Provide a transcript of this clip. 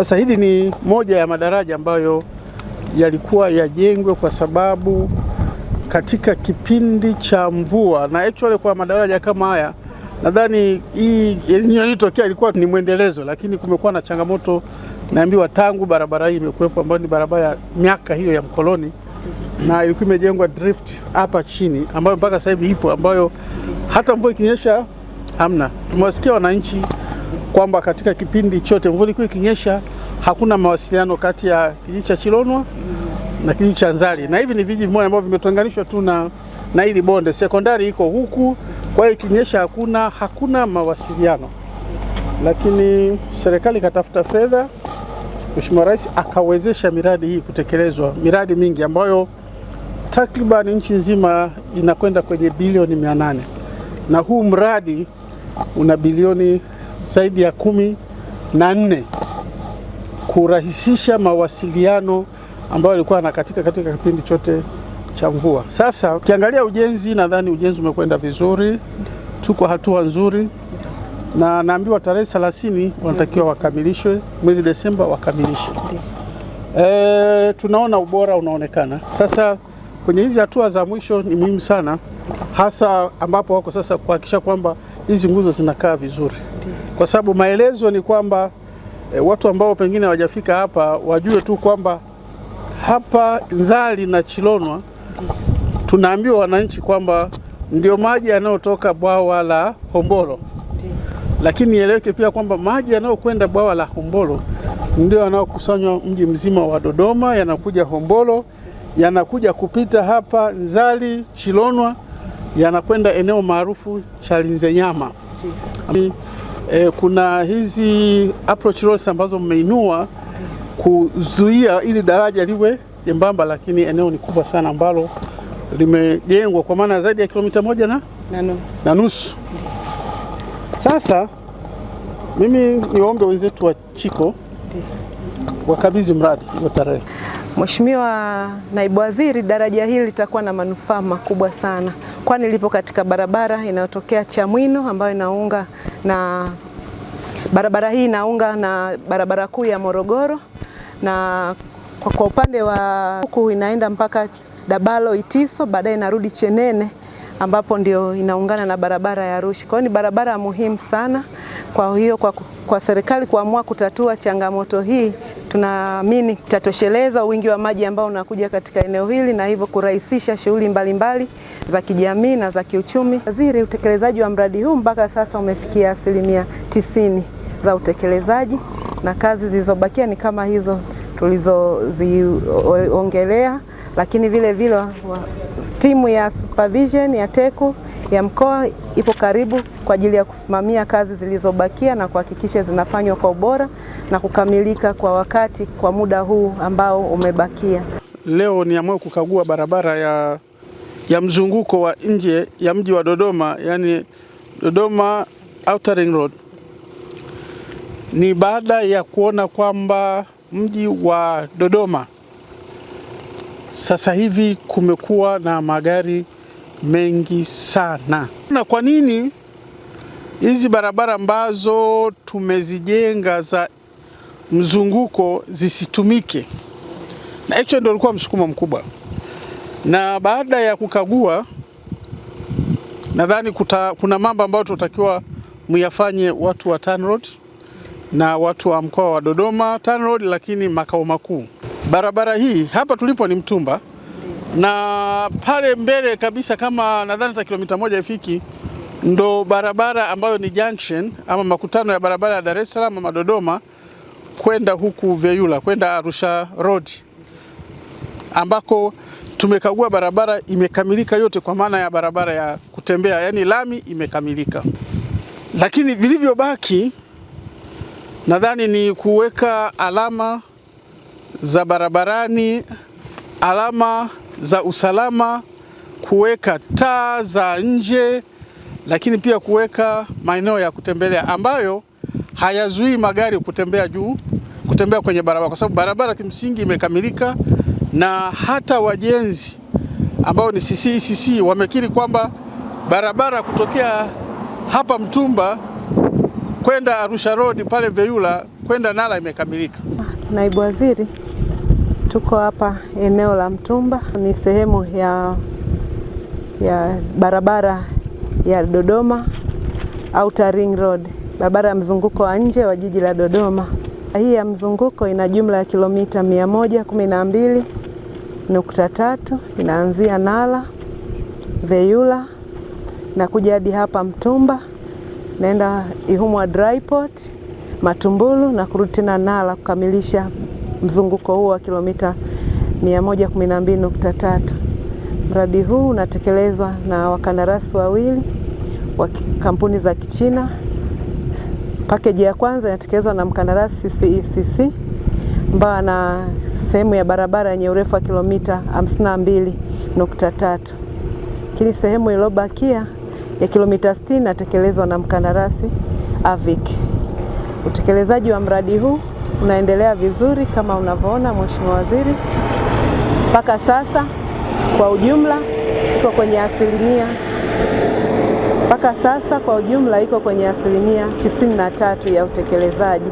Sasa hili ni moja ya madaraja ambayo yalikuwa yajengwe kwa sababu katika kipindi cha mvua, na actually kwa madaraja kama haya nadhani hii iliyotokea ilikuwa ni mwendelezo, lakini kumekuwa na changamoto naambiwa, tangu barabara hii imekuwepo, ambayo ni barabara ya miaka hiyo ya mkoloni, na ilikuwa imejengwa drift hapa chini, ambayo mpaka sasa hivi ipo, ambayo hata mvua ikinyesha hamna. Tumewasikia wananchi kwamba katika kipindi chote mvua ilikuwa ikinyesha, hakuna mawasiliano kati ya kijiji cha Chilonwa na kijiji cha Nzali, na hivi ni vijiji vimoja ambavyo vimetenganishwa tu na na hili bonde. Sekondari iko huku, kwa hiyo ikinyesha hakuna hakuna mawasiliano, lakini serikali ikatafuta fedha, Mheshimiwa Rais akawezesha miradi hii kutekelezwa, miradi mingi ambayo takriban nchi nzima inakwenda kwenye bilioni mia nane na huu mradi una bilioni zaidi ya kumi na nne kurahisisha mawasiliano ambayo alikuwa na katika kipindi chote cha mvua. Sasa ukiangalia ujenzi, nadhani ujenzi umekwenda vizuri, tuko hatua nzuri, na naambiwa tarehe 30 wanatakiwa wakamilishwe mwezi Desemba, wakamilishe. E, tunaona ubora unaonekana sasa kwenye hizi hatua za mwisho ni muhimu sana, hasa ambapo wako sasa kuhakikisha kwamba hizi nguzo zinakaa vizuri kwa sababu maelezo ni kwamba e, watu ambao pengine hawajafika hapa wajue tu kwamba hapa Nzali na Chilonwa tunaambiwa wananchi kwamba ndio maji yanayotoka bwawa la Hombolo, lakini ieleweke pia kwamba maji yanayokwenda bwawa la Hombolo ndio yanayokusanywa mji mzima wa Dodoma, yanakuja Hombolo, yanakuja kupita hapa Nzali Chilonwa, yanakwenda eneo maarufu Chalinze Nyama e, kuna hizi approach roads ambazo mmeinua kuzuia ili daraja liwe jembamba, lakini eneo ni kubwa sana ambalo limejengwa kwa maana zaidi ya kilomita moja na, nusu, na nusu. Sasa mimi niwaombe wenzetu wa Chiko wakabidhi mradi hiyo tarehe. Mheshimiwa Naibu Waziri, daraja hili litakuwa na manufaa makubwa sana, kwani lipo katika barabara inayotokea Chamwino ambayo inaunga na barabara hii inaunga na barabara kuu ya Morogoro, na kwa, kwa upande wa huku inaenda mpaka Dabalo Itiso, baadaye inarudi Chenene ambapo ndio inaungana na barabara ya Arusha. Kwa hiyo ni barabara muhimu sana. Kwa hiyo kwa, kwa serikali kuamua kutatua changamoto hii, tunaamini tatosheleza wingi wa maji ambao unakuja katika eneo hili na hivyo kurahisisha shughuli mbalimbali za kijamii na za kiuchumi. Waziri, utekelezaji wa mradi huu mpaka sasa umefikia asilimia tisini za utekelezaji na kazi zilizobakia ni kama hizo tulizoziongelea, lakini vile vile wa, timu ya supervision ya teku ya mkoa ipo karibu kwa ajili ya kusimamia kazi zilizobakia na kuhakikisha zinafanywa kwa ubora na kukamilika kwa wakati kwa muda huu ambao umebakia. Leo niamue kukagua barabara ya, ya mzunguko wa nje ya mji wa Dodoma, yani Dodoma Outer Ring Road. Ni baada ya kuona kwamba mji wa Dodoma sasa hivi kumekuwa na magari mengi sana. Na kwa nini hizi barabara ambazo tumezijenga za mzunguko zisitumike? Na hicho ndio ulikuwa msukumo mkubwa, na baada ya kukagua nadhani kuna mambo ambayo tunatakiwa muyafanye watu wa TANROAD na watu wa mkoa wa Dodoma TANROAD, lakini makao makuu. Barabara hii hapa tulipo ni Mtumba na pale mbele kabisa kama nadhani hata kilomita moja ifiki, ndo barabara ambayo ni junction ama makutano ya barabara ya Dar es Salaam ama Dodoma kwenda huku Veyula kwenda Arusha Road, ambako tumekagua barabara imekamilika yote, kwa maana ya barabara ya kutembea, yani lami imekamilika, lakini vilivyobaki nadhani ni kuweka alama za barabarani, alama za usalama, kuweka taa za nje, lakini pia kuweka maeneo ya kutembelea ambayo hayazuii magari kutembea juu, kutembea kwenye barabara, kwa sababu barabara kimsingi imekamilika na hata wajenzi ambao ni CCCC wamekiri kwamba barabara kutokea hapa Mtumba kwenda Arusha Road pale Veyula kwenda Nala imekamilika. Naibu Waziri Tuko hapa eneo la Mtumba, ni sehemu ya, ya barabara ya Dodoma Outer Ring Road, barabara ya mzunguko wa nje wa jiji la Dodoma. Hii ya mzunguko ina jumla ya kilomita 112.3 inaanzia Nala, Veyula na kuja hadi hapa Mtumba, naenda Ihumwa Dryport, Matumbulu na kurudi tena Nala kukamilisha mzunguko huu wa kilomita 112.3. Mradi huu unatekelezwa na wakandarasi wawili wa kampuni za Kichina. Pakeji ya kwanza inatekelezwa na mkandarasi CCECC e ambao ana sehemu ya barabara yenye urefu wa kilomita 52.3, lakini sehemu iliyobakia ya kilomita 60 inatekelezwa na mkandarasi AVIC. Utekelezaji wa mradi huu unaendelea vizuri kama unavyoona Mheshimiwa Waziri, mpaka sasa kwa ujumla iko kwenye asilimia mpaka sasa kwa ujumla iko kwenye asilimia tisini na tatu ya utekelezaji.